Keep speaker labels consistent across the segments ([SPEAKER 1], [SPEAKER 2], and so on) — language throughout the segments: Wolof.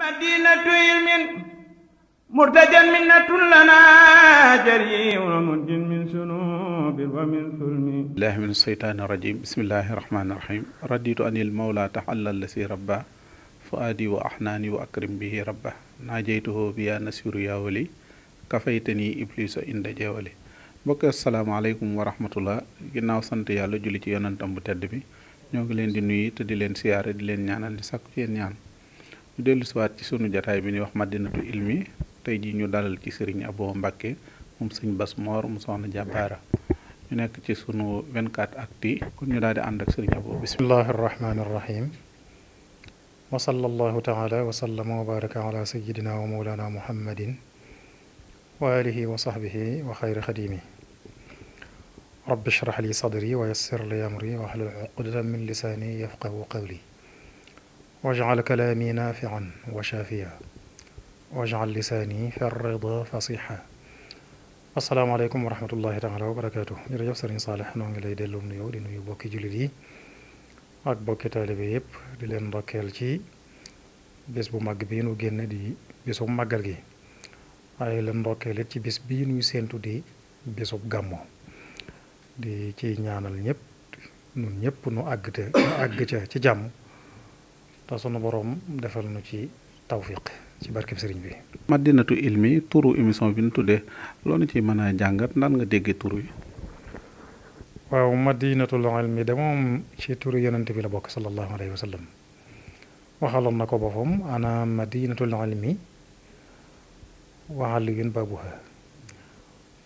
[SPEAKER 1] madinatu ilmin murtajan minnatun lana jariun mundin min sunubin wa min sulmi billahi min seytaani rajim bismillahi rahmaani rahim raditu anil wa ahnaani wa akrim bihi rabba naajaytuhu bi yaa nasiru kafaytani iblisa inda jeewali mbokk asalaamaaleykum wa rahmatullah ginnaaw sant yàlla julli ci yonantam bu tedd bi ñoo ngi leen di nuyu te di leen siyaare di leen ñaanal di sàkku ci yéen ñaan ñu dellu siwaat ci sunu jataay bi ni wax madinatu ilmi tey ji ñu dalal ci sëriñ Abo Mbàkke moom sëñ Bas Moor mu soxna jàbbaara ñu nekk ci sunu 24 actu kon ñu daal di ànd ak sëriñ Abo
[SPEAKER 2] bismillahi rahmaani rahim wa sallallahu taala wa wa baraka ala sayidina wa mawlana muhammadin wa rabbi shrah sadri wa amri wa ahlul uqdatan min lisaani yafqahu qawli wajal kalaami naafian wa shaafiya wajal lisaani farrida fasiha asalaamaaleykum wa rahmatullahi taala wa barakaatu jërëjëf sëriñ Saalix noo ngi lay delloo nuyoo di nuyu bokki jullit yi ak bokki taalibe yëpp di leen ndokkeel ci bés bu màgg bi nu génn di bésu màggal gi waaye leen ndokkeel ci bis bi nuy séentu di bésu gàmmo di ci ñaanal ñëpp nun ñëpp nu àgg te nu àgg ca ci jàmm te sunu borom defal nu ci tawfiq ci barkeb sëriñ bi.
[SPEAKER 1] Madinatu Hilmi turu émission bi nu tuddee loolu ci mën a jàngat naan nga déggee turu yi.
[SPEAKER 2] waaw Madinatul mi de moom ci turu yonent bi la bokk sallallahu alayhi wa sallam waxaloon na ko boppam ana Madinatul Hilmi wa Aliyun babuha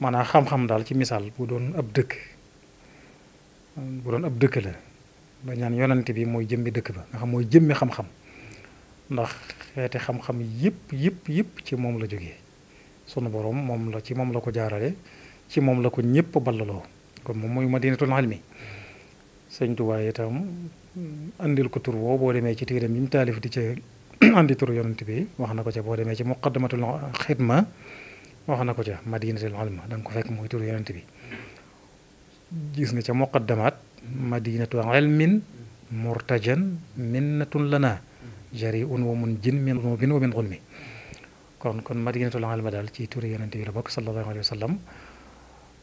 [SPEAKER 2] maanaam xam-xam daal ci misaal bu doon ab dëkk bu doon ab dëkk la. ba ñaan yonante bi mooy jëmmi dëkk ba nga xam mooy jëmmi xam-xam ndax xeeti xam-xam yëpp yëpp yëpp ci moom la jóge sunu borom moom la ci moom la ko jaarale ci moom la ko ñëpp ballaloo kon moom mooy madinatul ilmi sëñ Tuubaa itam andil ko tur woo boo demee ci téeram yi mu taalif di ca andi tur yonent bi wax na ko ca boo demee ci muqaddamatul xidma wax na ko ca madinatul ilmi da nga ko fekk mooy tur yonent bi gis nga ca muqaddamat madinatu ilmin murtajan minnatun lana jariun wa mun jin min bin wa min xulmi kon kon madinatul ilmi daal ci turi yonente bi la bokk sallallahu alayhi wa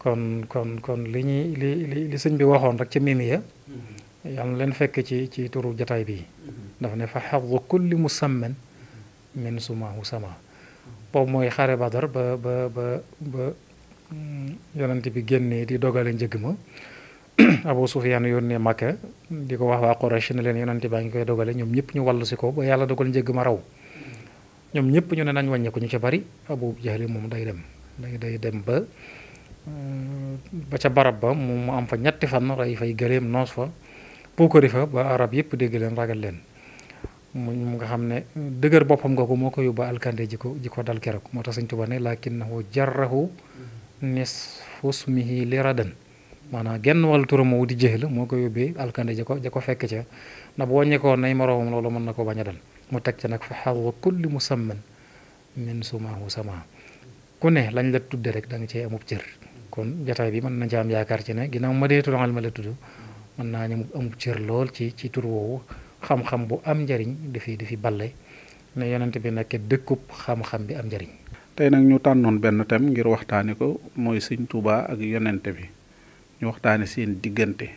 [SPEAKER 2] kon kon kon li ñuy li li li bi waxoon rek ci mimiya yal na leen fekk ci ci turu jataay bi dafa ne fa xadu kulli musamman min sumaahu sama boobu mooy xare badar ba ba ba ba mm, yonente bi génnee di dogale njëg ma Abu Sufyaan yónnee Makka di ko wax waa Quraysh leen yonante baa ngi koy dogale ñoom ñëpp ñu wàllu si ko ba yàlla dogal njëgg ma raw ñoom ñëpp ñu ne nañ wàññeeku ñu ca bari Abu Jahli moom day dem day day dem ba euh, ca barab ba mu am fa ñetti fan rey fay gëléem noos fa puukari fa ba arab yëpp dégg leen ragal leen mu nga xam ne dëgër boppam googu moo ko yóbba alkande ji ko ji ko dal keroog moo tax Sëñ Tuubaa ne lakinnahu jarrahu nisfu smihi li radan maanaam genn wàllu turam moo wuti jeex la moo ko yóbbee alkande ja ko ja ko fekk ca ndax bu wàññeekoo nay moroomam loolu mën na ko bañ a dal mu teg ca nag mu xarwa kulli musamman min sumaahu sama ku ne lañ la tudde rek da nga cee amub cër kon jataay bi mën nañ ci yaakaar ci ne ginnaaw ma dee turangal ma la tudd mën naa ñu amub cër lool ci ci woowu xam-xam bu am njariñ di fi balle ne yonent bi nekk dëkkub xam-xam bi am njariñ
[SPEAKER 1] tey nag ñu tànnoon benn thème ngir waxtaane ko mooy sëñ Tuubaa ak yonent bi ñu waxtaane seen diggante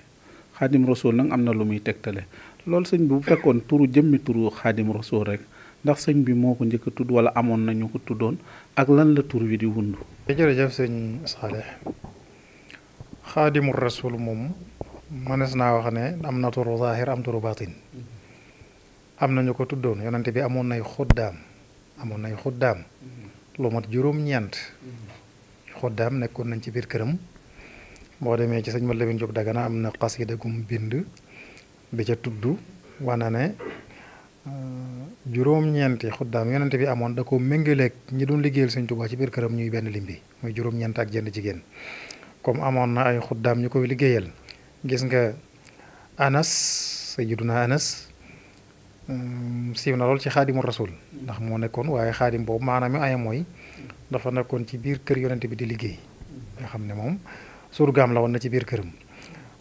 [SPEAKER 1] xaadim rasul nag am na lu muy tegtale loolu sëñ bi bu fekkoon turu jëmmi turu xaadim rasul rek ndax sëñ bi moo ko njëkk tudd wala amoon nañu ko tuddoon ak la tur wi di wund jërëjëf sëñ Saalix xaadimu rasul moom mënees naa wax ne
[SPEAKER 2] am na turu zaahir am nañu ko tuddoon yonente bi amoon nay xuddaam amoon nay xuddaam lu mat juróom-ñeent
[SPEAKER 3] mm-hmm.
[SPEAKER 2] xuddaam nekkoon nañ ci biir këram boo demee ci sëñ Mat Lamin Jóob Dagana am na xasida gum bind bi ca tudd wana ne euh, juróom-ñeenti xuddaam yonente bi amoon da ko méngaleeg ñi doon liggéeyal sëñ Tuubaa ci biir këram ñuy benn limbi bi muy juróom-ñeent ak jënd jigéen comme amoon na ay xuddaam ñu koy liggéeyal gis nga anas sayyiduna anas euh, siiw na lool ci xaadimu rasul ndax moo nekkoon waaye xaadim boobu maanaam mi aya mooy dafa nekkoon ci biir kër yonente bi di liggéey nga xam ne moom surgaam la woon na ci biir kër këram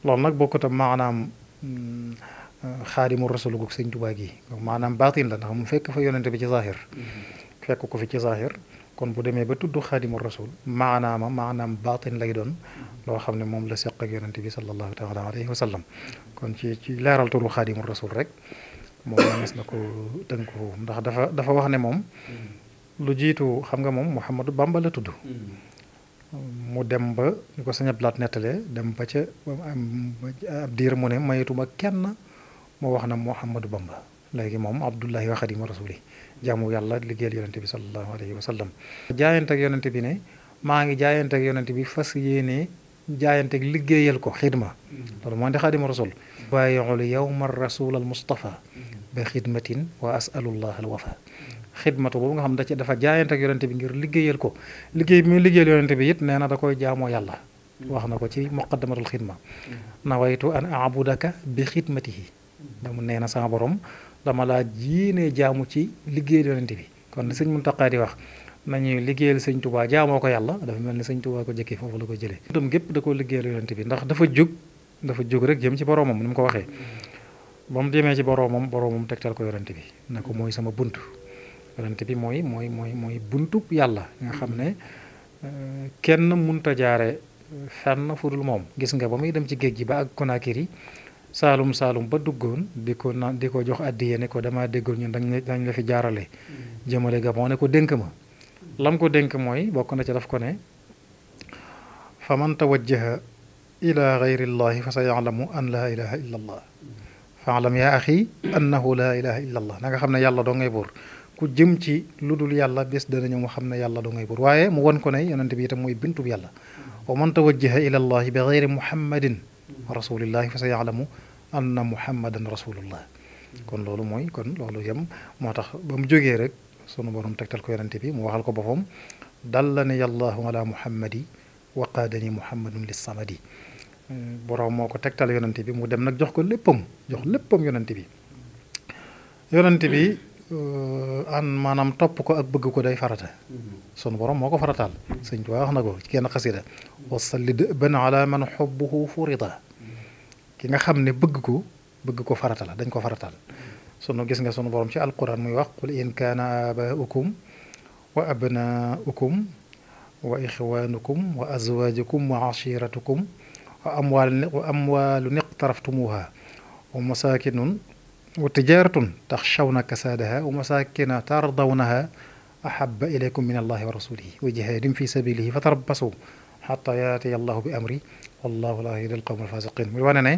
[SPEAKER 2] loolu nag bokkut ak maanaam mm, xaadimu rasul gu sëñ Tuubaa gi maanaam baatin la ndax mu fekk fa yonente bi ci zahir fekk ko fi ci zahir kon bu demee ba tudd xaadimu rasul maanaama maanaam baatin lay doon loo xam ne moom la seq ak yonente bi sallallahu taala alayhi wa sallam kon ci ci leeral turu xaadimu rasul rek moom mas na ko tënk foofu ndax dafa dafa wax ne moom lu jiitu xam nga moom Muhammadu Bamba la tudd mu dem ba ñu ko sëñ Ablaat nettalee dem ba ca ab diir mu ne mayetuma kenn moo wax na Mouhamadou Bamba léegi moom Abdullahi wa Xaadimu Rasuuli jaamu yàlla liggéeyal yonente bi sallallahu alayhi wa sallam jaayanteeg yonente bi ne maa ngi jaayanteeg yonente bi fas yéenee jaayanteeg liggéeyal ko xidma loolu moo indi Xaadimu Rasul bàyyiolu yowma rasul al Mustafa xidmatin wa asalullah al wafa xidmatu boobu nga xam da ci dafa jaayante ak yonente bi ngir liggéeyal ko liggéey bi muy liggéeyal yonente bi it nee na da koy jaamoo yàlla wax na ko ci muqaddamatul xidma nawaytu an abudaka bi xidmatihi damu nee na sama borom dama laa jiinee jaamu ci liggéeyal yonente bi kon sëñ Muntaqa di wax nañuy liggéeyal sëñ Tuubaa jaamoo ko yàlla dafa mel ni sëñ Tuubaa ko jëkkee foofu la ko jëlee dum gépp da koo liggéeyal yonente bi ndax dafa jóg dafa jóg rek jëm ci boromam ni mu ko waxee ba mu demee ci boromam boromam tegtal ko yonente bi na sama bunt yonent bi mooy mooy mooy mooy buntub yàlla nga xam ne euh, kenn munta jaare fenn fu dul moom gis nga ba muy dem ci géej gi ba ak Conakry saalum saalum ba duggoon di ko naan di ko jox addiye ne ko damaa déggoon ñun dañ dañ la fi jaarale mm. jëmale ga moo ne ko dénk ma lam ko dénk mooy bokk na ci daf ko ne fa man tawajjaha ila gayri llahi fa sa yalamu an laa ilaha illa allah mm. fa alam yaa axi annahu laa ilaha illa nga xam ne yàlla doo ngay buur ku jëm ci lu dul yàlla bés dana ñëw mu xam ne yàlla da ngay buur waaye mu won ko ne yonente bi itam mooy bintub yàlla wa man tawajjaha ila allahi bi geyri muhammadin wa rasulillahi fa sa yaalamu anna muhammadan rasulullah kon loolu mooy kon loolu yem moo tax ba mu jógee rek sunu borom tegtal ko yonente bi mu waxal ko boppam dallani allahu ala muhammadi wa qaadani muhammadun lissamadi borom moo ko tegtal yonente bi mu dem nag jox ko léppam jox léppam yonente bi bi Euh, an maanaam topp ko ak bëgg ko day farata mhm. sunu borom moo ko farataal sëñ Tuubaa wax na ko ci kenn xasida wasalli dëban ala man xubbuhu furida ki nga xam ne bëgg ko ko farata dañ ko farataal gis nga sunu borom ci alquran muy wax qul in kaana abaukum wa abnaukum wa ixwaanukum wa azwaajukum wa ashiratukum wa amwaalu wa wa masaakinun wa tijaratun taxshawna kasaadaha wa masakina tardawnaha ahaba ilaykum min allahi wa rasulihi wa jihadin fi sabilihi fatarabbasu xata yaatiya allahu bi amri wallahu la yahdi al qawm alfasiqin muy wane ne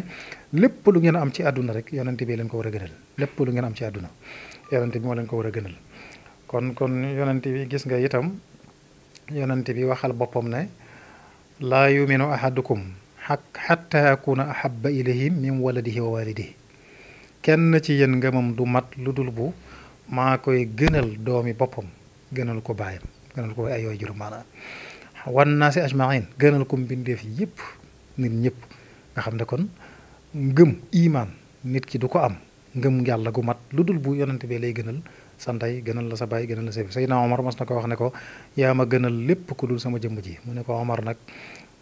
[SPEAKER 2] lépp lu ngeen am ci àdduna rek yonente bi leen ko war a gënal lépp lu ngeen am ci àdduna yonente bi moo leen ko war a gënal kon kon yonente bi gis nga itam yonente bi waxal boppam ne laa yuminu ahadukum xak xatta yakuna ahaba ilayhi min waladihi wa walidihi kenn ci yéen ngëmam du mat lu dul bu maa koy gënal doomi boppam gënal ko baayam gënal ko ay yooyu juróom wan naa si ajmain gënal ko mbindeef yëpp nit ñëpp nga xam ne kon ngëm imaan nit ki du ko am ngëm yàlla gu mat lu dul bu yonante bee lay gënal sa ndey gënal la sa baay gënal la sa Seydina Omar mas na ko wax ne ko yaa ma gënal lépp ku dul sama jëmm ji mu ne ko Omar nag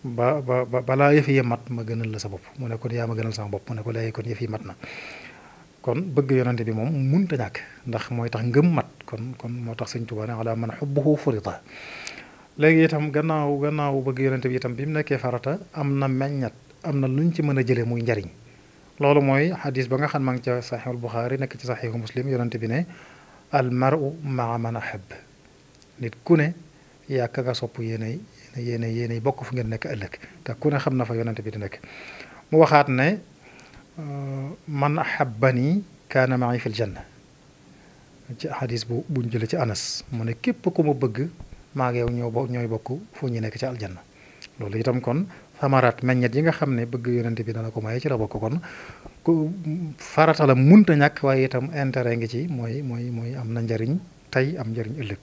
[SPEAKER 2] ba ba balaa yëf mat ma gënal la sa bopp mu ne yaa gënal sama bopp mu ne ko léegi kon yëf mat na kon bëgg yonante bi moom munta ñàkk ndax mooy tax ngëm mat kon kon moo tax sëñ Tuubaa ne a man xubbuhu furita léegi itam gannaaw gannaaw bëgg yonante bi itam bi mu nekkee farata am na meññat am na luñ ci mën a jëlee muy njariñ loolu mooy xadis ba nga xam ma ngi ca saxiixul Buxaari nekk ci saxiixu Muslim yonante bi ne al maru maa man ahab nit ku ne yaa ka nga sopp yéenay yéenay yéenay bokk fu ngeen nekk ëllëg te ku ne xam na fa yonante bi di nekk mu waxaat man ahabbani kaana ma'i fil janna ci xadis bu buñ jëlee ci anas mu ne képp ku ma bëgg maa ngi yow ñoo bokk ñooy bokk fu ñu nekk ci aljanna loolu itam kon samaraat meññet yi nga xam ne bëgg yonent bi dana ko maye ci la bokk kon ku farata la munta ñàkk waaye itam intérêt ngi ci mooy mooy mooy am na njariñ tey am njariñ ëllëg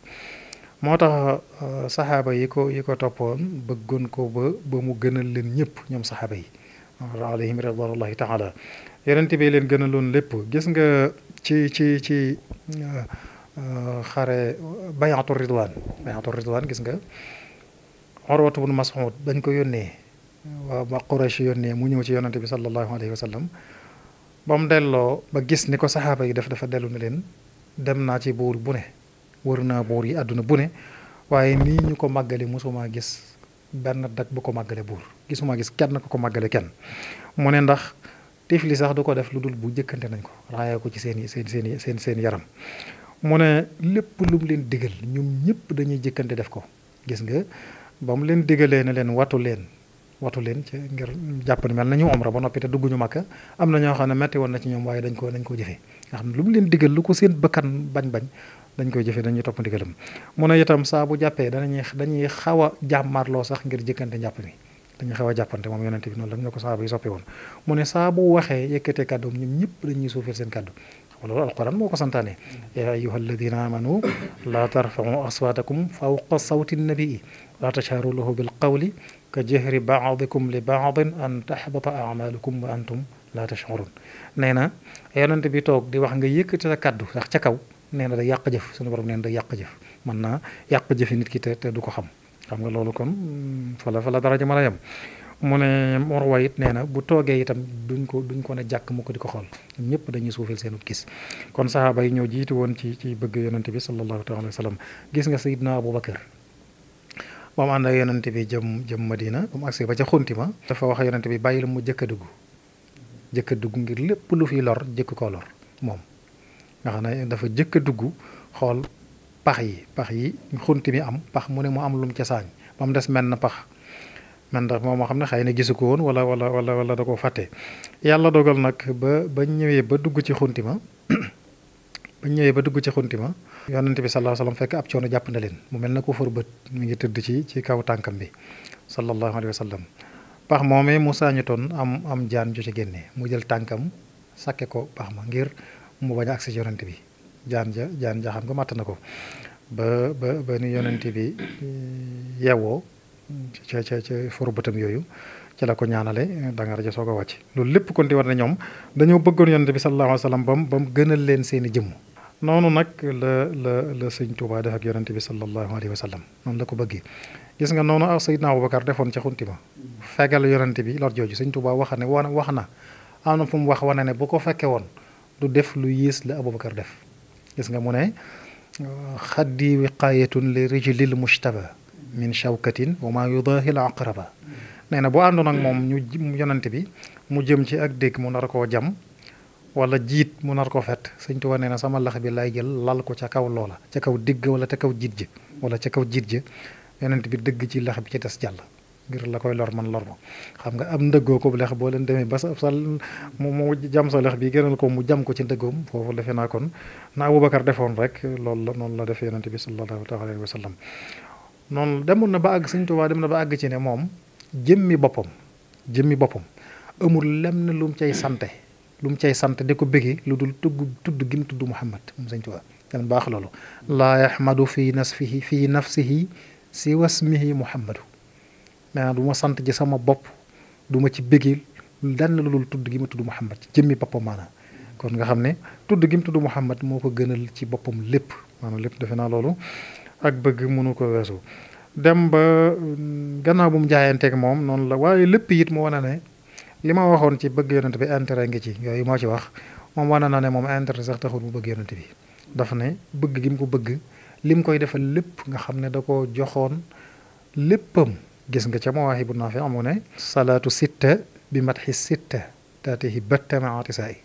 [SPEAKER 2] moo tax euh, saxaaba yi ko yi ko toppoon bëggoon ko ba ba mu gënal leen ñëpp ñoom saxaaba yi alayhim ridwanullahi taala yonent bi leen gën a loon lépp gis nga ci ci ci euh, xare bayaatu ridwan bayaatu ridwan gis nga Urwatu bnu Mas'ud bañ ko yónnee waa ba Quraysh yónnee mu ñëw ci yonent bi sallallahu alayhi wa sallam ba mu delloo ba gis ni ko saxaaba yi def dafa dellu na leen dem naa ci buur bune ne wër naa buur yi àdduna bune ne waaye nii ñu ko màggali mosuma gis benn dag bu ko màggale buur gisuma gis kenn ko ko màggale kenn mu ne ndax tifli sax du ko def lu dul bu jëkkante nañ ko raaya ko ci seen seen seen seen seen yaram mu ne lépp lu mu leen digal ñoom ñëpp dañuy jëkkante def ko gis nga ba mu leen digalee ne leen watu leen watu leen ci ngir jàpp ne mel nañu omra ba noppi te dugg ñu makka am na ñoo xam ne metti woon na ci ñoom waaye dañ ko nañ ko jëfee nga xam ne lu mu leen digal lu ko seen bëkkan bañ-bañ dañ koy jëfee dañuy topp ndigalam mu ne itam saa bu jàppee danañuy dañuy xaw a jàmmarloo sax ngir jëkkante njàpp mi dañuy xaw a jàppante moom yonente bi noonu la ñu ko saaba yi soppe woon mu ne saa bu waxee yëkkatee kàddoom ñoom ñëpp dañuy suufeel seen kàddu loolu alquran moo ko santaane yaa ayuha alladina amanu laa tarfau aswaatakum fawqa sawti nabii laa tashaaru lahu bil qawli ka jahri baadikum li baadin an taxbata amalukum wa antum la tashurun nee na yonente bi toog di wax nga yëkkati sa kàddu sax ca kaw nee na day yàq jëf suñu borom nee da day yàq jëf mën naa yàq jëfi nit ki te te du ko xam xam nga loolu kon mm, fala fala daraja ma a yem mu ne Morwa it nee na bu toogee itam duñ ko duñ ko ne jàkk mu ko di ko xool ñëpp dañuy suufeel seen gis kon sahaaba yi ñoo jiitu woon ci ci bëgg yonent bi sallallahu alayhi wa sallam gis nga sayidna Abubakar ba mu ànd ak yonent bi jëm jëm Madina ba mu agsee ba ca xunti ma dafa wax yonent bi bàyyi la mu jëkk a dugg dugg ngir lépp lu fiy lor jëkk koo lor nga xam ne dafa jëkk a dugg xool pax yi pax yi xunt mi am pax mu ne mu am lum ca saañ ba mu des mel na pax man ndax moom moo xam ne xëy na gisu ko woon wala wala wala wala da koo fàtte yàlla dogal nag ba ba ñëwee ba dugg ci xunti ma ba ñëwee ba dugg ma yonent bi sallallahu alayhi wasallam fekk ab coono jàpp na leen mu mel na ko for bët mi ngi tëdd ci ci kaw tànkam bi sallallahu alayhi wasallam pax moomee mu saañu toon am am jaan ju ci génne mu jël tànkam sakke ko pax ma ngir mu bañ a agsi yonent bi jaan ja jaan ja xam nga màtt na ko ba ba ba ni yonent bi eh, yeewoo ca ca ca foru bëtam yooyu ca la ko ñaanale da nga rajo soog a wàcc loolu lépp kon di war na ñoom dañoo bëggoon yonent bi sallallahu alayhi wa sallam bam ba mu gënal leen seen i jëmm noonu nag la la la sëñ Touba def ak yonent bi sallallahu alayhi wa sallam noonu la ko bëggee gis nga noonu ak Seydina Aboubacar defoon ca xunti ma fegal yonent bi lor jooju sëñ Touba wax ne wax na am na fu mu wax wane ne bu ko fekke woon du def lu yiis la Aboubacar def gis nga mu ne xaddi wiqaayatun li rijlil mujtaba min shawkatin wa maa yudaahil aqraba nee na boo àndoon nag moom ñu yonante bi mu jëm ci ak dégg mu nar koo jam wala jiit mu nar ko fet sëñ Tuubaa nee na sama lax bi laay jël lal ko ca kaw loola ca kaw digg wala ca kaw jiit ji wala ca kaw jiit ji yonent bi dëgg ci lax bi ci des jàll ngir la koy lor man lor ma xam nga am ndëggoo ko bu lex boo leen demee ba sa sal mu jam sa lex bi gënal ko mu jam ko ci ndëggoom foofu defe naa kon na Aboubacar defoon rek loolu la noonu la def yonente bi sallallahu alayhi wa sallam noonu demoon na ba àgg Sëñ Tuubaa dem ba àgg ci ne moom jëmmi boppam jëmmi boppam amul lem na lu mu cay sante lu mu sant di ko bëggee lu dul tugg tudd gi mu tudd Muhammad moom Sëñ Tuubaa dan baax loolu laa yaxmadu fi nasfihi fi nafsihi si wasmihi Muhammadu nee du ma sant ji sama bopp du ma ci bégeel lenn loolu tudd gi ma tudd Muhammad ci jëmmi boppam maanaam kon nga xam ne tudd gi mu tudd Muhammad moo ko gënal ci boppam lépp maanaam lépp defe naa loolu ak bëgg mënu ko weesu. dem ba gannaaw bu mu jaayanteeg moom noonu la waaye lépp it mu wane ne li ma waxoon ci bëgg yonent bi intérêt ngi ci yooyu moo ci wax moom wane na ne moom intérêt sax taxul mu bëgg yonent bi dafa ne bëgg gi mu ko bëgg lim koy defal lépp nga xam ne da koo joxoon léppam. gis nga ca mawaahibu naafi amu ne salaatu sitta bi matxi sitta taatihi batta maa tisaay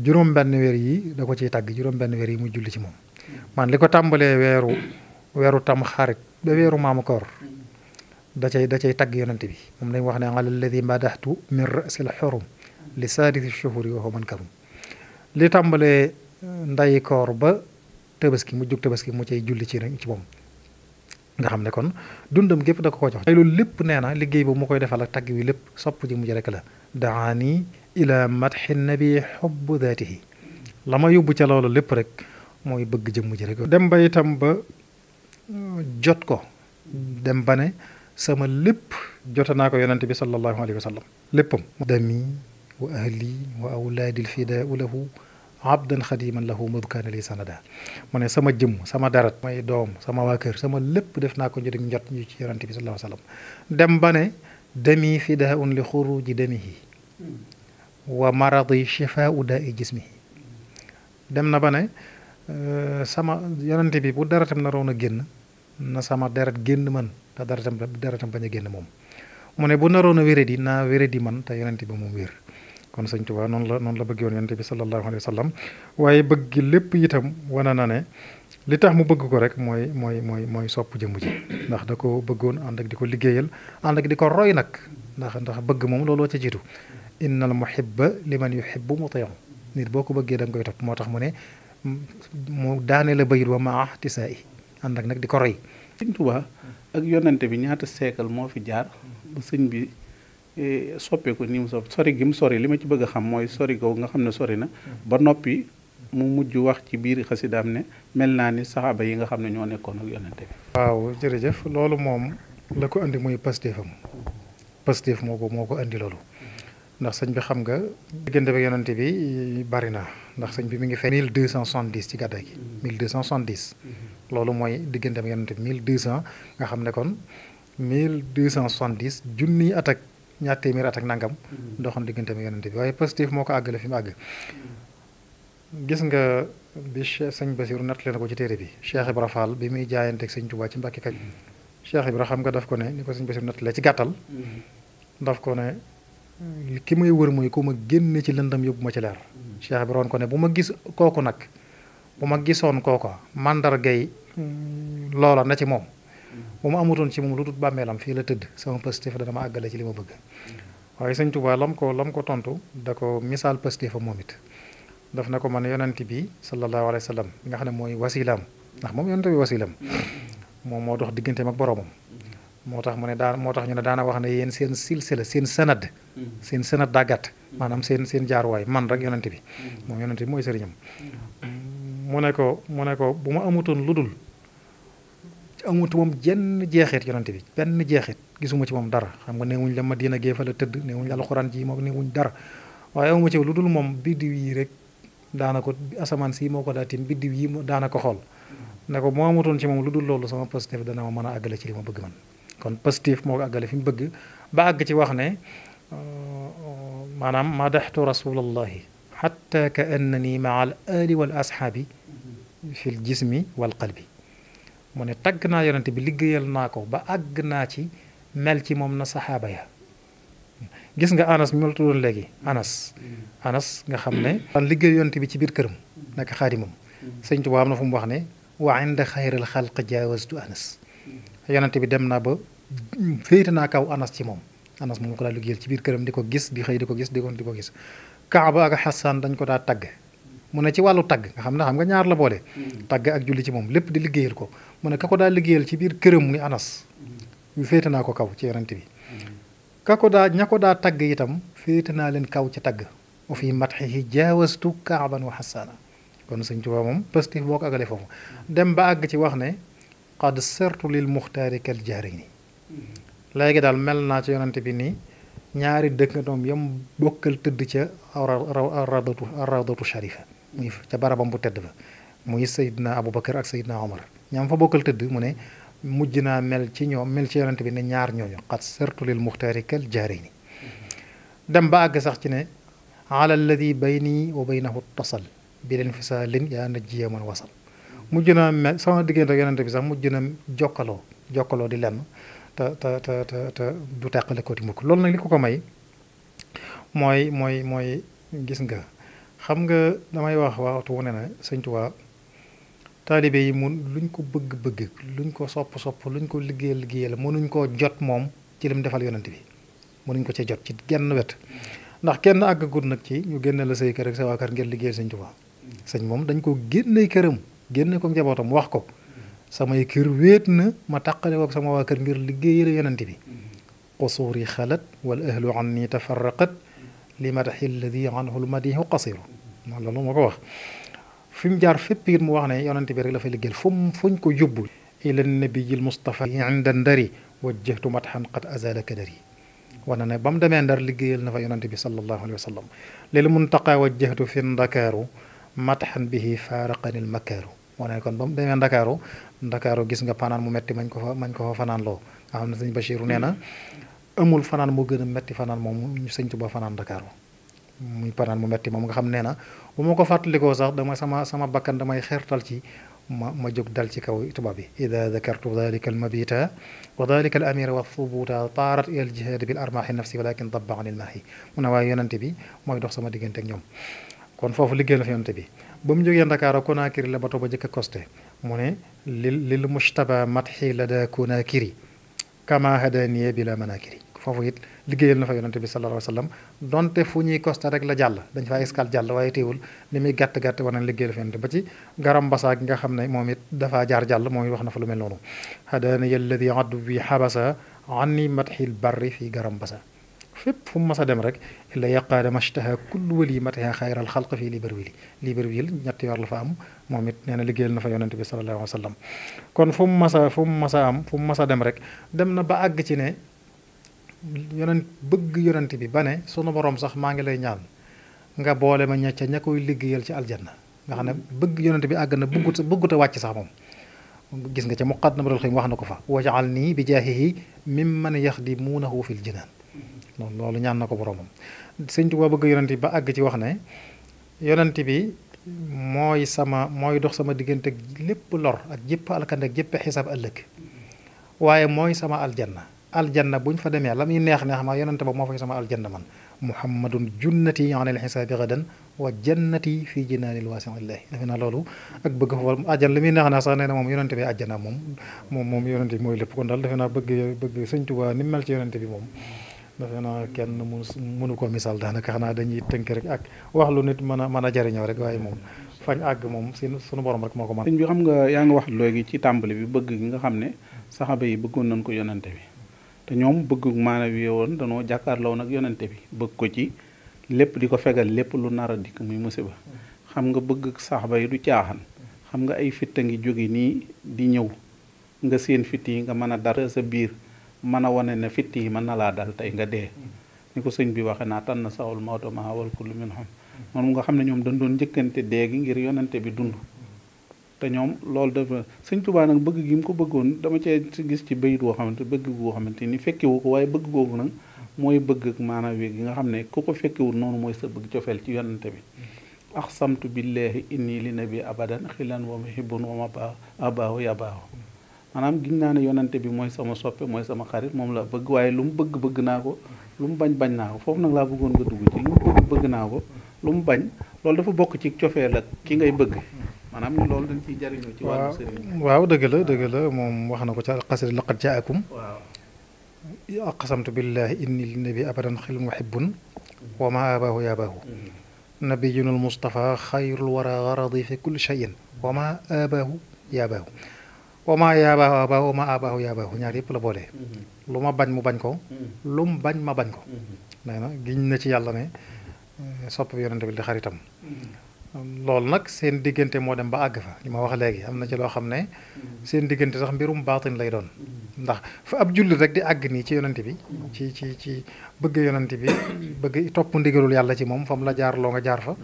[SPEAKER 2] juróom benn weer yi da ko ciy tàgg juróom benn weer yi mu julli ci moom man li ko tàmbalee weeru weeru tam xarit ba weeru maamu koor da cay da tàgg yonent bi moom lañ wax ne ala alladi madaxtu min rasil xorum li saadisi shuhuri wa man karum li tàmbalee ndayi koor ba tabaski mu jug tabaski mu cay julli ci ci moom nga xam ne kon dundam gépp da ko ko jox ay loolu lépp nee na liggéey boobu mu koy defal ak tagg wi lépp sopp ji mujj rek la daani ila madxi nabi xubbu daatihi la ma yóbbu ca loolu lépp rek mooy bëgg jëmm ji rek dem ba itam ba euh, jot ko dem ba ne sama lépp jote naa ko yonente bi sallallahu alayhi wa sallam léppam dami wa ahli wa awlaadi lfidaau lahu man la lahu mud kaana li sanada mu ne sama jëmm sama darat may doom sama waa kër sama lépp def naa ko njëriñ njot ñu ci yonante bi sallallahu alayhi wa sallam dem ba ne demi fidaun li xuruji demihi wa maradi shifaau daai jismihi dem na ba ne euh, sama yonante bi bu daratam naroon a génn na sama darat génn man te daratam daratam bañ a génn moom mu ne bu naroon a wéré di naa wéré di man te yonante bi moom wér kon sëñ Tuubaa noonu la noonu la bëgg woon yonent bi sallallahu alayhi wa sallam waaye bëgg lépp itam wana na ne li tax mu bëgg ko rek mooy mooy mooy mooy sopp jëmm ji ndax da ko bëggoon ànd ak di ko liggéeyal ànd ak di ko roy nag ndax ndax bëgg moom looloo ca jiitu innal muhibba liman yuhibbu muti'u nit boo ko bëggee da koy topp moo tax mu ne mu daane la bayit wa
[SPEAKER 1] maa tisaa i ànd nag di ko roy sëñ Tuubaa ak yonent bi ñaata seekal moo fi jaar ba sëñ bi soppeeku ni mu so sori gi mu sori li ma ci bëgg a xam mooy sori googu nga xam ne sori na ba noppi mu mujj wax ci biir xasidaam ne mel naa ni saxaaba yi nga xam ne ñoo nekkoon ak yonente bi
[SPEAKER 2] waaw jërëjëf loolu moom la ko andi muy pastéefam pastéef moo ko moo ko andi ndax sëñ bi xam nga diggante ba yonente bi bari na ndax sëñ bi mi ngi fekk 1270 ci gàddaay gi 1270 loolu mooy diggante ba yonente bi 1200 nga xam ne kon 1270 junniy at ak ñaar téeméer at ak nangam. doxoon diggante mi yonent bi waaye positif moo ko àggale fi mu àgg. gis nga bi sëñ Basiru nattale na ko ci téere bi Cheikh Ibra Fall bi muy jaayanteeg sëñ Tuubaa ci Mbàkke Kajoor. Cheikh Ibra xam nga daf ko ne ni ko sëñ Basiru nattale ci gàttal. daf ko ne ki may wër mooy ku ma génne ci lëndam yóbbu ma ci leer. Cheikh Ibra woon ko ne bu ma gis kooku nag bu ma gisoon kooka mandargay
[SPEAKER 3] mm,
[SPEAKER 2] loola na ci moom. bu ma amutoon ci moom lu dul bàmmeelam fii la tëdd sama positif dana ma àggale ci li ma bëgg waaye sëñ Tuubaa lam ko lam ko tontu da ko misaal positifam moom it daf na ko man yonent bi sallallahu alayhi wa sallam nga xam ne mooy wasilaam ndax moom yonent bi wasilaam moom moo dox digganteem ak boroomam moo tax mu ne daan moo tax ñu ne daana wax na yéen seen silsila seen sanad seen sanad dàggat maanaam seen seen jaaruwaay man rek yonent bi moom yonent bi mooy sëriñam mu ne ko mu ne ko bu ma amutoon ludul amut moom jenn jeexit yonante bi benn jeexit gisuma ci moom dara xam nga newuñ la Madina gee fa la tëdd newuñ la alxuraan ji moom newuñ dara waaye amu ci lu dul moom biddiw yi rek daana ko asamaan si moo ko daa tiim biddiw yi daana ko xool ne ko moo amutoon ci moom lu dul loolu sama positif dana ma mën a àggale ci li ma bëgg man kon positif moo ko fi mu bëgg ba àgg ci wax ne maanaam madaxtu rasulallahi xatta ka annani maa al ali wal ashaabi fi l jismi wal qalbi mu ne tagg naa yonent bi liggéeyal naa ko ba àgg naa ci mel ci moom na saxaaba ya gis nga anas mi ma tuddoon léegi anas anas nga xam ne daan liggéey yonent bi ci biir këram nekk xaadimam sëñ Tuubaa am na fu mu wax ne wa inda xayral xalq jaawastu anas yonent bi dem naa ba féete naa kaw anas ci moom anas moom ko daa liggéeyal ci biir këram di ko gis di xëy di ko gis di di ko gis kaaba ak xasaan dañ ko daa tagg mu ne ci wàllu tagg nga xam ne xam nga ñaar la boole. tagg ak julli ci moom lépp di liggéeyal ko mu ne ka ko daa liggéeyal ci biir këram muy anas yu féete naa ko kaw ci yonent bi ka ko daa ña ko daa tagg itam féete naa leen kaw ci tagg wa fi mat jaawastu kaaban wa xasaana kon sëñ Tuubaa moom positif boo ko dem ba àgg ci wax ne qad sirtu lil muxtaari kal jaarini léegi daal mel naa ci yonent bi nii ñaari dëkkandoom yam bokkal tëdd ca rawdatu rawdatu sharifa mu muy ca barabam bu tedd ba muy Seydina Aboubacar ak Seydina Omar ñaam fa bokkal tëdd mu ne mujj naa mel ci ñoom mel ci yonent bi ne ñaar ñooñu xat sartu lil muxtaari kal jaarini dem ba àgg sax ci ne ala alladi bay wa baynahu tasal bi leen fi saa lin yaa na jiye man wasal mujj naa mel sama diggante ak bi sax mujj na jokkaloo jokkaloo di lenn te te te du tàqale ko di mukk loolu nag li ko ko may mooy mooy mooy gis nga xam nga damay wax waxtu wu na sëñ Tuubaa taalibe yi mun luñ ko bëgg-bëgg luñ ko sopp-sopp luñ ko liggéey liggéeyal mënuñ ko jot moom ci lim defal yonent bi mënuñ ko ci jot ci genn wet ndax kenn àggagul nag ci ñu génne la say kër ak sa waa kër ngeen liggéeyal sëñ Tuubaa sëñ moom dañ ko génney këram génne ko njabootam wax ko samay kër wéet na ma taqale ko sama waa kër ngir liggéeyal yonent bi qusuuri xalat wal ahlu an ni tafarraqat li madaxi alladi anhu lmadihu qasiru moom loolu moo ko wax fi mu jaar fépp it mu wax ne yonent bi rek la fa liggéeyal fu mu fuñ ko yóbbu ila nabiyil mustafa inda ndari wajjahtu matxan qad azala kadari wane ne ba mu demee ndar liggéeyal na fa yonent bi sallallahu alayhi wa sallam lil muntaqa wajjahtu fi ndakaaru matxan bihi faaraqani lmakaaru wane ne kon ba mu demee ndakaaru ndakaaru gis nga panaan mu metti mañ ko fa mañ ko fa fanaan loo nga xam Bachiru nee na amul fanaan moo gën a metti fanaan moom ñu sëñ Tuba fanaan ndakaaru muy panaan mu metti moom nga xam nee na bu ma ko fàttalikoo sax dama sama sama bakkan xeer tal ci ma ma jóg dal ci kaw tubaab yi ida dakartu dalika almabita wa dalika al amira wa thubuta taarat ila aljihaadi bil armahi nafsi walakin dabba an ilmahi bi mooy dox sama diggante ak ñoom kon foofu liggéey la fi yonante bi ba mu jógee Ndakaar Konaakiri la bato ba njëkk a costé mu ne lil lil mujtaba madhi lada Konaakiri kama hadaniya bila manakiri foofu it liggéeyal na fa yonante bi sallallahu alayhi wa sallam donte fu ñuy costa rek la jàll dañ fa escale jàll waaye teewul li muy gàtt gàtt war na liggéeyal fa yonante ba ci garam basaa gi nga xam ne moom it dafaa jaar jàll moom it wax na fa lu mel noonu hadani alladi bi xabasa anni a dem la fa am moom na liggéeyal na fa yonante bi sallallahu alayhi wa sallam kon fu mu mas a fu mu a am fu mu a dem rek dem na ba àgg ci ne yonent bëgg yonent bi ba ne sunu borom sax maa ngi lay ñaan nga boole ma ña ca ña koy liggéeyal ci aljanna nga xam ne bëgg yonent bi àgg na bëggut bëggut a wàcc sax moom gis nga ca muqaddamatul xim wax na ko fa wajaal nii bi jaahihi mimman yaxdimuunahu fil jinaan loolu ñaan na ko boromam sëñ Tuubaa bëgg yonent bi ba àgg ci wax ne yonent bi mooy sama mooy dox sama diggante lépp lor ak jëpp alkande ak jëpp xisaab ëllëg waaye mooy sama aljanna aljanna buñ fa demee la muy neex neex ma yonente ba moo fay sama aljanna man muhammadun junnati an al xisaabi gadan wa jannati fii jinaanil waasiillahi defe naa loolu ak bëgg fa aljanna la muy neex neex sax nee na moom yonente bi aljanna moom moom moom yonente bi mooy lépp kon daal defe naa bëgg bëgg sëñ Tuubaa ni mel ci yonente bi moom defe naa kenn mu mënu ko misaal daanaka xanaa dañuy tënk rek ak wax lu nit mën a mën a jariñoo rek waaye moom fañ àgg moom suñu borom rek moo ko mën sëñ bi
[SPEAKER 1] xam nga yaa ngi wax léegi ci tàmbali bi bëgg nga xam ne saxaaba yi bëggoon nañ ko yonente bi te ñoom bëgg maanawiye woon danoo jàkkaarloo nag yonente bi bëgg ko ci lépp di ko fegal lépp lu nar a dikk muy musiba xam nga bëgg saxaba yi du caaxan xam nga ay fitt a ngi jóge nii di ñëw nga seen fitt yi nga mën a dara sa biir mën a wane na fitt yi mën na laa dal tey nga dee ni ko sëñ bi waxe naa tànn sawul mawta ma wal kullu minhum mm. moom nga xam ne ñoom dañ doon njëkkante dee gi ngir yonente bi dund te ñoom loolu dafa sëñ Tuubaa nag bëgg gi mu ko bëggoon dama cee gis ci bayit woo xamante bëgg goo xamante ni fekkewu waaye bëgg googu nag mooy bëgg ak wi gi nga xam ne ku ko fekkewul noonu mooy sa bëgg cofeel ci yonante bi axsamtu billahi inni li nabi abadan xilan wa muhibbun wa ma ba abaahu yabaahu maanaam giñ naa ne yonante bi mooy sama soppe mooy sama xarit moom la bëgg waaye lu mu bëgg bëgg naa ko lu mu bañ bañ naa ko foofu nag laa bëggoon nga dugg ci lu mu bëgg bëgg naa ko lu mu bañ loolu dafa bokk ci cofeel ak ki ngay bëgg maanaam loolu dañ ciy jariñoo
[SPEAKER 2] waaw dëgg la moom wax na ko ci alqasri laqad jaakum
[SPEAKER 3] waaw
[SPEAKER 2] aqsamtu inni li nabi abadan xilum waxibun wa ma abaahu yaabaahu mm-hmm. nabiyuna al mustafa xayrul wara garadi fi kulli cheyin wa abaahu yaabaahu wa yaabaahu abaahu abaahu yaabaahu ñaar yëpp la boolee
[SPEAKER 3] mm-hmm.
[SPEAKER 2] lu ma bañ mu bañ ko mm-hmm. lu mu bañ ma bañ ko giñ na ci yàlla sopp bi yonente bi di xaritam lool nag seen diggante moo dem ba àgg fa li ma wax léegi am na ci loo xam ne seen diggante sax mbirum baatin lay doon ndax fa ab jullit rek di àgg nii ci yonent bi ci ci ci bëgg yonent bi bëgg topp ndigalul yàlla ci moom fa mu la jaar loo nga jaar fa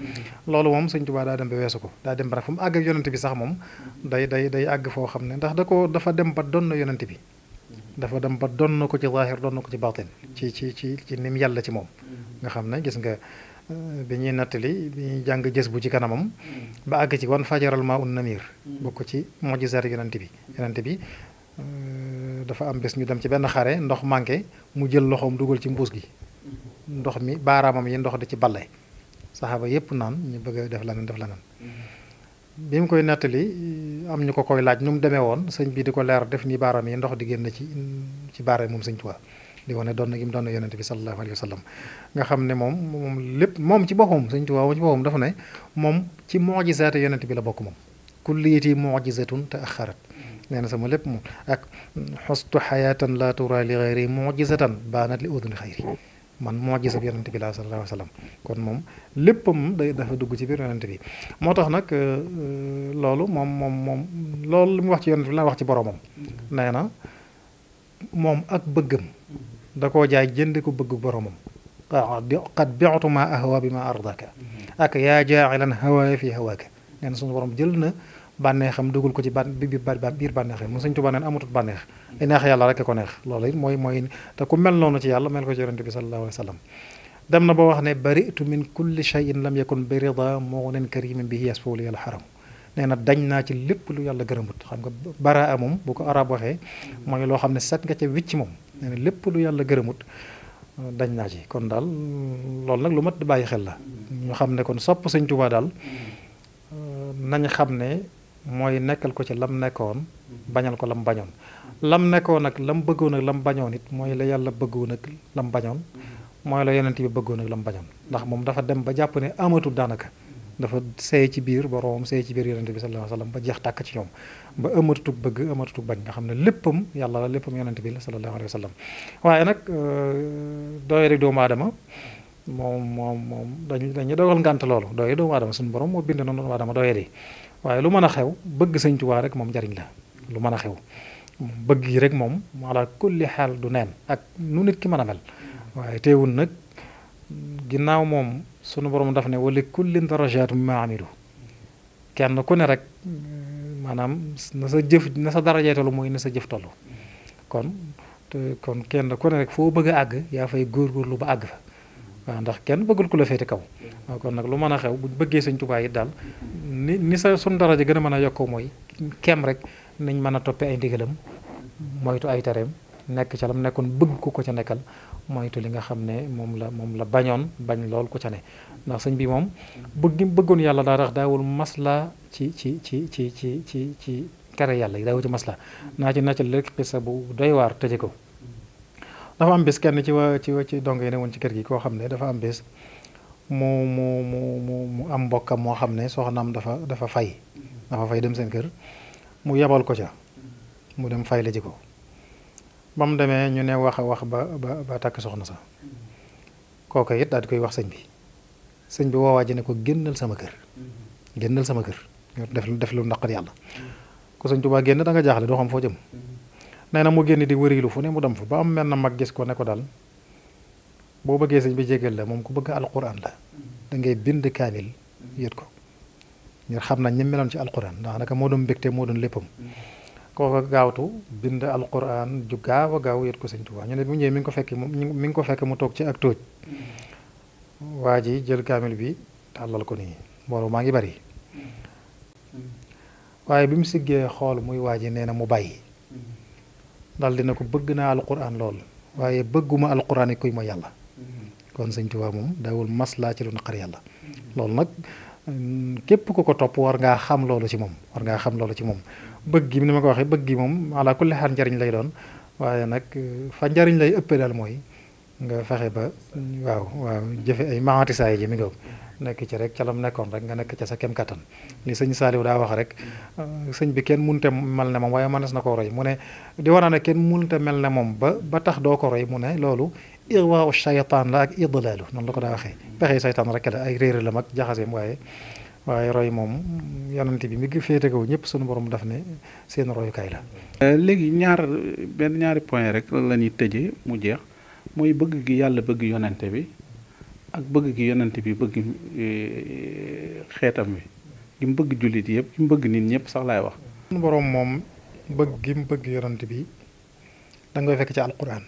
[SPEAKER 2] loolu moom Sëñ Tuubaa daa dem ba weesu ko daa dem ba nag fa mu àgg ak bi sax moom day day day àgg foo xam ne ndax da ko dafa dem ba donn yonent bi dafa dem ba donn ko ci zaahir donn ko ci baatin ci ci ci ci nim yàlla ci moom xam ne gis nga Euh, bi ñuy nattali bi ñuy jàng jës bu ci kanamam mm. ba àgg ci wan fajaral maa un namir mm. bokk ci mojisaat yonent bi yonent bi euh, dafa am bés ñu dem ci benn xare ndox manqué mu jël loxoom dugal ci mbuus gi mm. ndox mi baaraamam yi ndox di ci balle saxaaba yépp naan ñu bëgg def leneen def leneen bi mu koy nettali am ñu ko koy laaj nu mu demee woon sëñ bi di ko leer def ni baaraam yi ndox di génn ci ci baaraam moom sëñ Tuubaa li wane doon na gi doon na yonent bi sallallahu alayhi wa sallam nga xam ne moom moom lépp moom ci boppam Sëñ Tuubaa moom ci boppam dafa ne moom ci mujizaate yonent bi la bokk moom kulliyati mujizatun te axarat nee na sama lépp moom ak xustu xayaatan la tura li xayri mujizatan baanat li uduni xayri man mujisa bi yonent bi la sallallahu alayhi wa kon moom léppam day dafa dugg ci biir yonent bi moo tax nag euh, loolu moom moom moom loolu li mu wax ci yonent bi la wax ci boroomam mm-hmm. nee na moom ak bëggam da koo jaay jënd ko bëgg boromam qad bi'tu ma ahwa bi ma ardaka ak yaa jaa'ilan hawaaya fi hawaaka nee na suñu borom jël na bànneexam dugal ko ci ban biir biir bànneexam mu Sëñ Tuubaa neen amatul bànneex ay neex yàlla rek ko neex loolu it mooy mooy te ku mel noonu ci yàlla mel ko ci yonente bi sallallahu alayhi wa sallam dem na ba wax ne baritu min kulli shay'in lam yakun bi rida mughnin karimin bihi yasfuli al haram nee na dañ naa ci lépp lu yàlla gërëmut xam nga bara amum bu ko arab waxee mooy loo xam ne set nga ca wicc moom nee na lépp lu yàlla gërëmut dañ naa ci kon daal loolu nag lu mat di bàyyi xel la ñu xam ne kon sopp sëñ Tuubaa daal euh, nañ xam ne mooy nekkal ko ci lam nekkoon bañal ko lam bañoon lam nekkoon ak lam bëggoon ak lam bañoon it mooy la yàlla bëggoon ak lam bañoon mooy la yonent bi bëggoon ak lam bañoon ndax moom dafa dem ba jàpp ne amatul daanaka dafa seey ci biir boroomam seey ci biir yonente bi sallallahu wasallam ba jeex tàkk ci ñoom ba ëmmatutug bëgg ëmmatutug bañ nga xam ne léppam yàlla la léppam yonente bi la sallallahu alayhi wasallam waaye nag euh, dooye rek doomu aadama moom moom moom dañ dañuy dogal ngànt loolu dooye doomu aadama suñu borom moo bind noonu doomu aadama dooye waaye lu mën a xew bëgg Sëñ Tuubaa rek moom njariñ la lu mën a xew bëgg yi rek moom ala kulli xaal du neen ak nu nit ki mën a mel sunu borom daf ne wali kullin darajaatu mimma amilu kenn ku ne rek maanaam na sa jëf na sa darajee tollu mooy na sa jëf tollu kon kon kenn ku ne rek foo bëgg a àgg yaa fay góorgóorlu ba àgg fa waaw ndax kenn bëggul ku la féete kaw waaw kon nag lu mën a xew bu bëggee Sëñ Tuubaa yi daal ni ni sa sunu daraja gën a mën a yokkoo mooy kem rek nañ mën a toppee ay ndigalam moytu ay tereem nekk ca lam nekkoon bëgg ku ko ca nekkal moytu li nga xam ne moom la moom la bañoon bañ lool ku ca ne ndax sëñ bi moom bëgg bëggoon yàlla daa tax daawul masla ci ci ci ci ci ci ci kare yàlla yi daawu ci masla naa ci naa ci lekk xisa bu doy waar tëje ko dafa am bés kenn ci waa ci ci dong yi ne woon ci kër gi koo xam ne dafa am bés mu mu mu mu mu am mbokkam moo xam ne soxnaam dafa dafa fay dafa fay dem seen kër mu yebal ko ca mu dem fay la ji ko ba mu demee ñu ne wax a wax ba ba ba takk soxna sax kooka it daal di koy wax sëñ bi sëñ bi woowaa ji ne ko génnal sama kër génnal sama kër def def lu naqar yàlla ko sëñ Tuubaa génn da nga jaaxle doo xam foo jëm nee na mu génn di wërilu fu ne mu dem fa ba am mel na mag gis ko ne ko daal boo bëggee sëñ bi jégal la moom ku bëgg alquran la da ngay bind kaamil yët ko ngir xam na ñi meloon ci alquran ndax naka moo doon mbégte moo doon léppam kooka gaawtu bind alquran ju gaaw a gaaw yët ko sëñ Tuubaa ñu ne bi mu ñëwee mi ngi ko fekk mu mi ngi ko fekk mu toog ci ak tóoj waa ji jël kaamil bi tàllal ko nii mbooloo maa ngi bari waaye bi mu siggee xool muy waa ji nee na mu bàyyi dal dina ko bëgg naa alquran lool waaye bëgguma alquran yi kuy ma yàlla mm-hmm. kon sëñ Tuubaa moom mas laa ci lu naqar yàlla mm-hmm. loolu nag képp ku ko topp war ngaa xam loolu ci moom war ngaa xam loolu ci moom bëgg gi ni ma ko waxee bëgg gi moom ala kulli xaal njariñ lay doon waaye nag euh, fa njariñ lay ëppee mooy nga fexe ba waaw waaw jëfe ay maantisaay ji mi nga nekk ci rek ca lam nekkoon rek nga nekk ca sa kem kattan li sëñ Saliou daa wax rek euh, sëñ bi kenn munte mel ne moom waaye mënees na koo roy mu ne di war naa ne kenn munte mel ne moom ba ba tax doo ko roy mu ne loolu irwaaw shaytaan la ak idlaalu noonu la ko daa waxee pexe saytaan rek la ay réer la mag jaxaseem waaye waaye roy moom yonante bi mi ngi féete kaw ñëpp suñu borom daf ne seen royukaay la.
[SPEAKER 1] léegi ñaar benn ñaari point rek la ñuy tëjee mu jeex mooy bëgg gi yàlla bëgg yonante bi ak bëgg gi yonante bi bëgg xeetam bi gi mu bëgg jullit yëpp gi mu bëgg nit ñëpp sax laay wax.
[SPEAKER 2] suñu borom moom bëgg gi mu bëgg yonante bi da nga fekk ci alquran.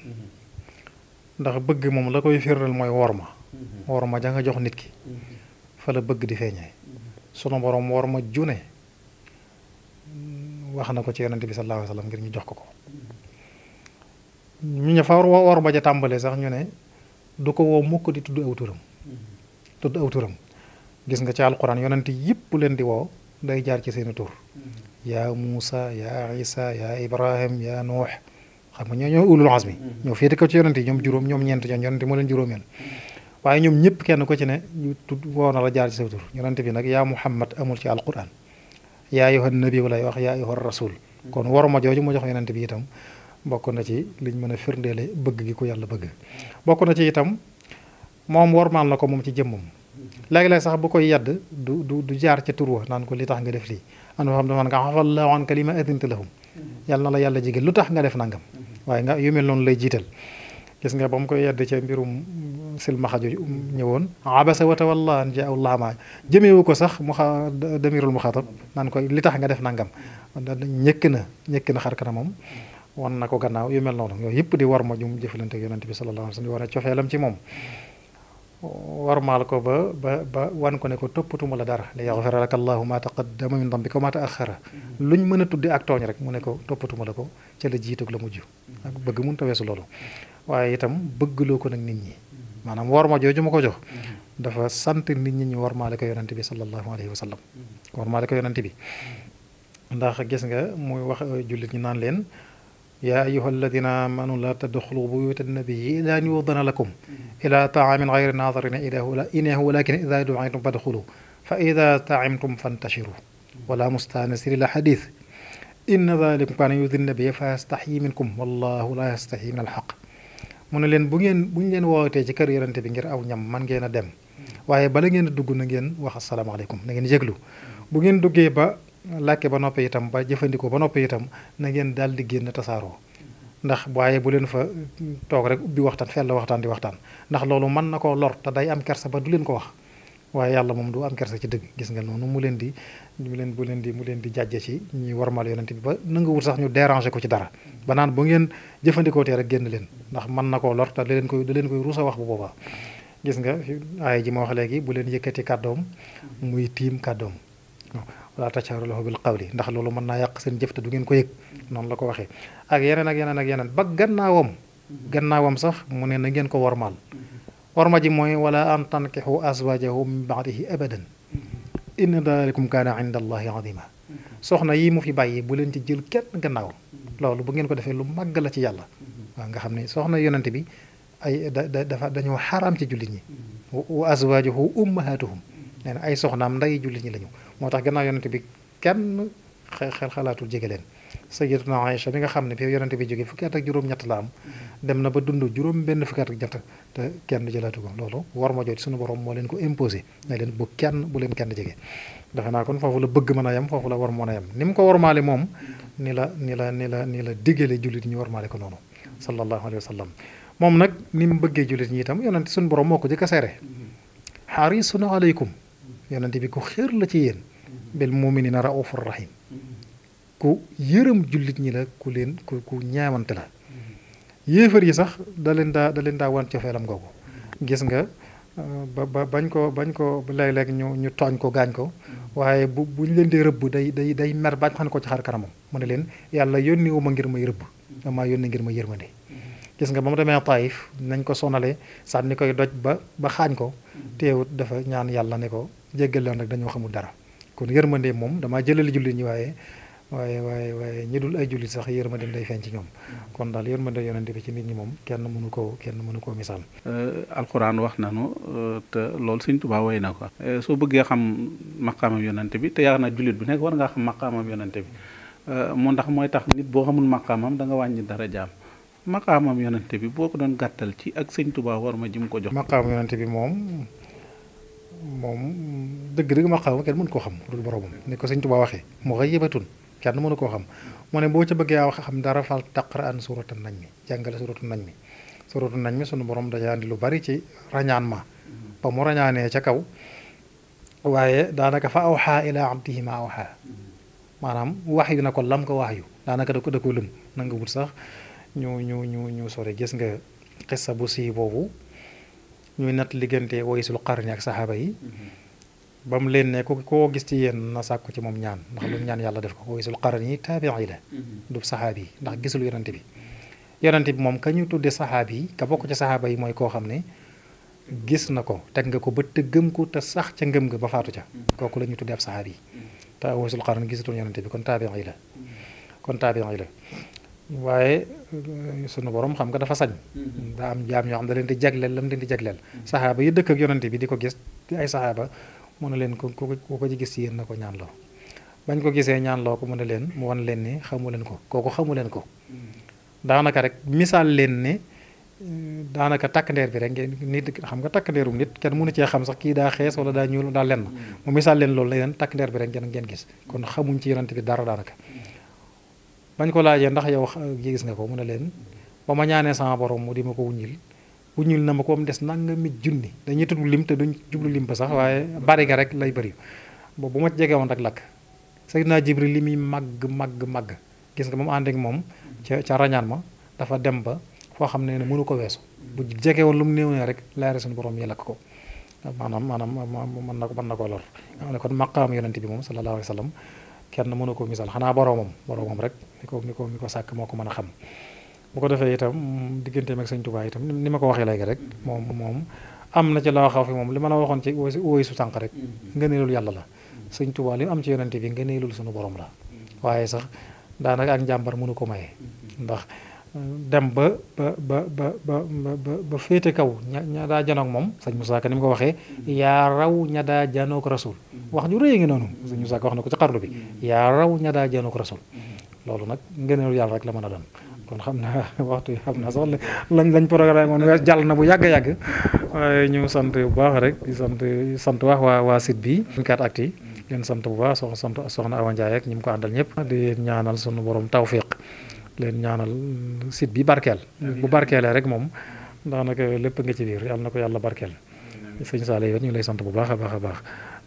[SPEAKER 2] ndax bëgg moom la koy firndeel mooy worma mhm. worma ja nga jox nit ki mhm. fa la bëgg di feeñee mhm. sunu borom worma june mm, wax na ko ci yonent bi sallallahu alayhi wasallam ngir ñu jox ko ko ñu ña fa worma ja tàmbalee sax ñu ne du ko woo mukk di tudd aw turam tudd aw gis nga ci alquran yonent yëpp leen di woo day jaar ci seeni tur yaa Muusa yaa Isa yaa Ibrahim yaa Nuux xam nga ñoo ñooy ulul azmi ñoo féete kaw ci yonent yi ñoom juróom ñoom ñeent ñoom waaye ñoom ñëpp kenn ko ci ne ñu tudd woo na la jaar bi nag yaa muhammad amul ci alquran yaa ayyuhan nabi wala wax yaa ayyuhan rasul kon war ma jooju mu jox yonent bi itam bokk na ci liñ mën a firndeele bëgg gi ko yàlla bëgg bokk na ci itam moom war warmaal na ko moom ci moom léegi-léeg sax bu koy yadd du du du jaar ca tur wa naan ko li tax nga def lii an xam daman nga xafal la an kalima adinta lahum yàlla na la yàlla jege lu tax nga def nangam waaye nga yu mel noonu lay jiital gis nga ba koy yedd ca mbirum silmaxa jooju um ñëwoon abasa wa tawalla an jaahu llama jëmeewu ko sax mu xa damirul muxatab naan koy li tax nga def nangam ñëkk na ñëkk na xar kana moom na ko gannaaw yu mel noonu yooyu yëpp di war ma jum jëfalante bi sallallahu alayhi wa sallam di wane cofeelam ci moom warmaal ko ba ba ba wan ko ne ko toppatuma la dara li yaxfira laka allahu ma taqaddama min dambika wa ma taaxara mm-hmm. luñ mën a tudde ak tooñ rek mu ne ko toppatuma la ko ca la jiitug la mujj ak bëgg mun ta weesu loolu waaye itam bëggloo ko nag nit ñi mm-hmm. maanaam warma jooju ma ko jox mm-hmm. dafa sant nit ñi ñu warmaale ko yonante bi sallallahu alayhi wa sallam warmaale ko yonante bi ndax gis nga muy wax jullit ñi naan leen yaa ayyuha alladina amanu laa tadxulu buyuta annabii ila an yuudana lakum ila taamin gayri naazirina inaahu walakin ida duitum fadxulu fa ida taimtum fantashiru wala mustanisir ila xadis inna dalikum kaana yuudi nabiyya fa yastaxyi minkum wallahu laa yastaxyi min alxaq mu ne leen bu ngeen bu ñu leen woowatee ci kër yonente bi ngir aw ñam man ngeen a dem waaye bala ngeen a dugg na ngeen wax asalaamaaleykum na ngeen yëglu bu ngeen duggee ba làkke ba noppi itam ba jëfandikoo ba noppi itam na ngeen daal di génn tasaaroo ndax waaye bu leen fa toog rek ubbi waxtaan fel la waxtaan di waxtaan ndax loolu mën na koo lor te day am kersa ba du leen ko wax waaye yàlla moom du am kersa ci dëgg gis nga noonu mu leen di mu leen bu leen di mu leen di jàjje ci ñuy warmal yonent bi ba nanga nanguwul sax ñu déranger ko ci dara ba naan bu ngeen jëfandikoo tee rek génn leen ndax mën na koo lor te da leen koy da leen koy rusa wax bu boobaa gis nga ji ma wax léegi bu leen yëkkati kàddoom muy tiim kàddoom wala tashaaru lahu bil ndax loolu mën naa yàq seen jëf te du ngeen ko yëg noonu la ko waxee ak yeneen ak yeneen ak yeneen ba gannaawam gannaawam sax mu ne na ngeen ko wormaal worma ji mooy wala an tankixu azwajahu min baadihi abadan inna dalikum kaana inda allahi azima soxna yii mu fi bàyyi bu leen ci jël kenn gannaaw loolu bu ngeen ko defee lu màgg la ci yàlla waaw nga xam ne soxna yonente bi ay da dafa dañoo xaraam ci jullit ñi wa azwajuhu ummahatuhum nee na ay soxnaam nday jullit ñi lañu moo tax gannaaw yonente bi kenn xel xalaatul jege leen sayyidatuna na bi nga xam ne bi yonente bi jógee fukki ak juróom-ñett la am dem na ba dund juróom benn fukki at ak ñett kenn jëlaatu ko loolu war ma jooju suñu borom moo leen ko imposé leen kenn bu leen kenn jege defe naa kon foofu la bëgg mën a yem la war mën a yem ni mu ko warmaale moom ni la ni la ni la ni la diggalee jullit ñu warmaale ko noonu sallallahu alayhi wa sallam moom nag ni mu bëggee jullit ñi itam yonente suñu borom moo ko jëkk a seere xarisun aleykum yonente bi ku xër la ci yéen bil na raufur rahim ku yërëm jullit ñi la ku leen ku ku ñaamante la yéefar yi sax da leen daa da leen daa wan cofeelam googu gis nga ba ba bañ ko bañ ko léeg-léeg ñu ñu tooñ ko gaañ ko waaye bu bu ñu leen di rëbb day day day mer bañ xam ne ko ci xar kanamam mu ne leen yàlla yónni wu ma ngir may rëbb damaa yónni ngir ma yërmande gis nga ba mu demee Taif nañ ko sonale sànni koy doj ba ba xaañ ko teewut dafa ñaan ne ko jéggal leen rek dañoo xamul dara kon yërmande moom damaa jëlali jullit ñi waaye waaye waaye waaye ñi dul ay jullit sax yërmandeem day feeñ ci ñoom kon daal yërmande yonente bi ci nit ñi moom kenn mënu koo kenn mënu
[SPEAKER 1] koo misaal. Euh, alxuraan wax nanu euh, te loolu Sëñ Tuubaa woy na ko euh, soo bëggee xam maqaamam yonente bi te yaakaar naa jullit bu nekk war ngaa xam maqaamam yonente bi moo ndax mooy tax nit boo xamul maqaamam da nga wàññi dara jaam maqaamam yonente bi boo ko doon gàttal ci ak Sëñ Tuubaa war ma jëm ko jox.
[SPEAKER 2] maqaamam yonente bi moom.
[SPEAKER 1] moom
[SPEAKER 2] dëgg-dëgg ma kenn mënu koo xam dul boromam ni ko sëñ Tuubaa waxee mu xaybatun kenn mënu koo xam mu ne boo ca bëggee wax xam dara fal taqra an surata nañ mi jàngale suratu nañ mi suratu nañ mi sunu borom dañu andi lu bari ci rañaan ma ba mu rañaanee ca kaw waaye daanaka fa awxaa ti abdihi ma awxaa maanaam wax yu na ko lam ko wax yu daanaka da ko da ko lëm nanga wut sax ñu ñu ñu ñu sore gis nga xissa bu sii boobu ñuy natt liggante waysul xarni ak saxaaba yi mhm. ba mu leen ne ku koo gis ci yéen na sàkku ci moom ñaan ndax lu ñaan yàlla def ko waysul xarni taabi'i la mhm. du saxaabi yi ndax gisul yonante bi yonante bi moom ka ñu tuddee saxaabi yi ka bokk ci saxaaba yi mooy koo xam ne gis na ko teg nga ko ba gëm ko te sax ca ngëm nga ba faatu ca mhm. kooku la ñu tuddee ab saxaabi yi te waysul xarni gisatoon yonante bi kon taabi'i la kon taabi'i la waaye eh, sunu borom xam nga dafa sañ mm-hmm. daa am jaam ñoo xam da leen di jagleel la mu leen di jagleel mm-hmm. saxaaba yi dëkk ak yonante bi di ko gis di ay saxaaba mu ne leen ku ku ko ci gis yéen na ko ñaan loo bañ ko gisee ñaan loo ko mu ne leen mu wan leen ni xamu leen ko kooku xamu leen ko mm-hmm. daanaka rek misaal leen ne eh, daanaka takk ndeer bi rek ngeen nit xam nga takk ndeerum nit kenn mënu cee xam sax kii daa xees wala daa ñuul daa lenn mu misaal leen loolu la leen takk ndeer bi rek ngeen ngeen gis kon xamuñ ci yonante bi dara daanaka bañ ko laajee ndax yow xa gis nga ko mu ne leen ba ma ñaanee sama borom mu di ma ko wuññil wuññil na ma ko am des nangami junni dañuy tudd lim te duñ jublu lim ba sax waaye bari ga rek lay bëri boobu bu ma jegee woon rek lakk naa Jibril li muy màgg màgg màgg gis nga moom ànd moom ca ca rañaan ma dafa dem ba foo xam ne ne mënu ko weesu bu jege woon lu mu néew ne rek laare suñu borom yi lakk ko maanaam maanaam mën na ko mën na ko lor nga ko ne kon maqaam yonente bi moom sallallahu alayhi wa sallam kenn mënu ko misal xanaa boroomam boroomam rek mi ko mi ko mi ko sàkk moo ko mën a xam bu ko defee itam digganteem ak sëñ Tuubaa itam ni ma ko waxee léegi rek moom moom am na ci laa xaw fi moom li ma la waxoon ci wóoy su sànq rek ngëneelul yàlla la sëñ Tuubaa li mu am ci yonente bi ngëneelul suñu borom la mm-hmm. waaye sax daanaka ak njàmbar mënu ko maye mm-hmm. ndax dem ba ba ba ba ba ba féete kaw ña ña janoog moom sëñ Moussa Ka ni mu ko waxee yaa raw ña daa janoog rasul wax ju rëy ngi noonu sëñ Moussa Ka wax na ko ci xarnu bi yaa raw ña daa janoog rasul loolu nag ngëneelu yàlla rek la mën a doon kon xam naa waxtu yi xam naa sax lañ lañ programme woon wees jàll na bu yàgg yàgg waaye ñu sant bu baax rek di sant sant wax waa waa site bi 24actu yi leen sant bu baax soxna sant soxna Awa Ndiaye ak ñi mu ko àndal ñëpp di ñaanal sunu borom tawfiq leen ñaanal site bi barkeel bu barkeelee rek moom daanaka lépp nga ci biir yàlla ko yàlla barkeel sëñ Saalé yow ñu ngi lay sant bu baax a baax a baax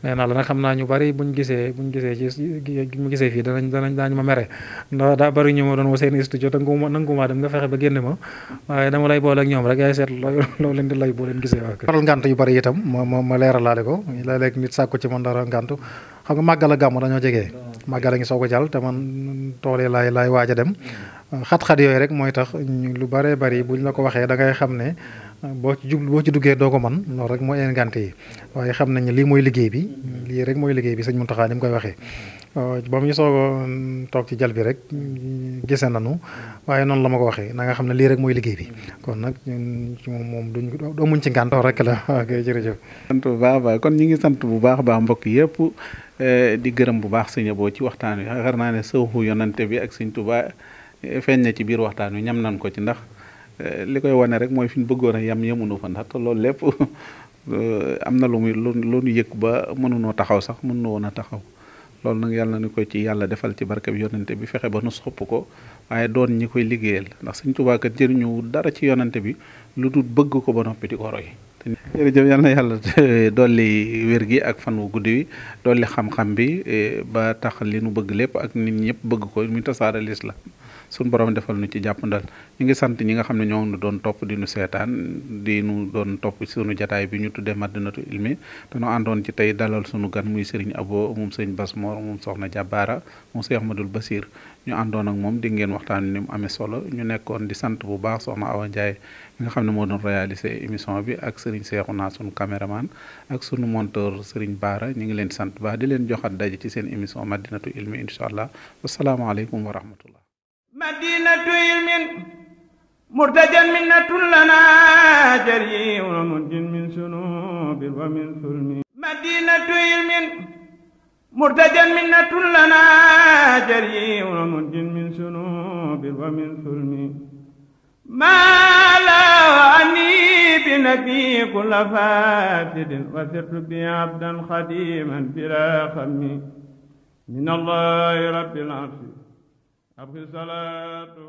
[SPEAKER 2] nee la nag xam naa ñu bari buñ gisee buñ gisee ci mu gisee fii danañ danañ ma mere ndax daa bari ñu ma doon wa seen studio te nanguma nanguma dem nga fexe ba génne ma waaye dama lay boole ak ñoom rek yaay seet loo leen di lay boo leen gisee waa waral ngànt yu bari itam ma ma leeralaale ko léeg-léeg nit sàkku ci man dara ngàntu a gàmm a a jàll te man tool yi a dem hmm. xat-xat yooyu rek mooy tax lu bare bëree bu buñ la ko waxee da ngay xam ne boo ci jublu boo ci duggee doo ko man loolu rek mooy ngànte yi waaye xam nañ ne lii mooy liggéey bi lii rek mooy liggéey bi sëñ Mountakha ni mu koy waxee ba mu ñu soog mm, toog ci jal bi rek gise nanu waaye noonu la ma ko waxee na nga xam ne lii rek mooy liggéey bi kon nag moom
[SPEAKER 1] duñ amuñ ci ngàntoo rek la ok jërëjëf. sant bu baax baax kon ñu ngi sant bu baax baax mbokk yëpp eh, di gërëm bu baax sëñ boo ci waxtaan wi xar naa ne sëwxu yonante bi ak sëñ Tuubaa feeñ na ci biir waxtaan wi ñam nan ko ci ndax li koy wane rek mooy fi ñu bëggoon a yam yemunu fa ndax loolu lépp am na lu muy lu lu yëg ba mënunoo taxaw sax mënunoo woon a taxaw loolu nag yàlla na ni ko ci yàlla defal ci barke bi yonante bi fexe ba nu xopp ko waaye doon ñi koy liggéeyal ndax suñ Tuubaa kat jëriñu dara ci yonante bi lu dul bëgg ko ba noppi di ko roy jërëjëf yal na yàlla dolli wér gi ak fan wu guddi wi dolli xam-xam bi eh, ba tax li nu bëgg lépp ak nit ñëpp bëgg ko muy tasaare la suñu borom defal nu ci jàpp jàppandal ñi ngi sant ñi nga xam ne ñoo na doon topp di seetaan di nu doon topp suñu jataay bi ñu tuddee Madinatul Ilmi dañoo àndoon ci tey dalal sunu gan muy sëriñ Abo moom sëriñ Bass Mor moom soxna Jabaara moom sëriñ Ahmadul Basir ñu àndoon ak moom di ngeen waxtaan ni mu amee solo ñu nekkoon di sant bu baax soxna Awa Ndiaye mi nga xam ne moo doon réaliser émission bi ak sëriñ Seexuna sunu caméraman ak sunu monteur sëriñ Baara ñu ngi leen sant baax di leen joxaat daje ci seen émission Madinatul Ilmi incha allah wasalaamaaleykum wa rahmatullah madinatu ilmin murtajan minnatun lana jari wa munjin min sunubi wa min sulmi madinatu ilmin murtajan minnatun lana jari wa munjin min sunubi wa min sulmi maala ani bi nabi kulla fatidin wa sirtu bi abdan xadiman bila xammi min allahi rabbil alamin abki salaatu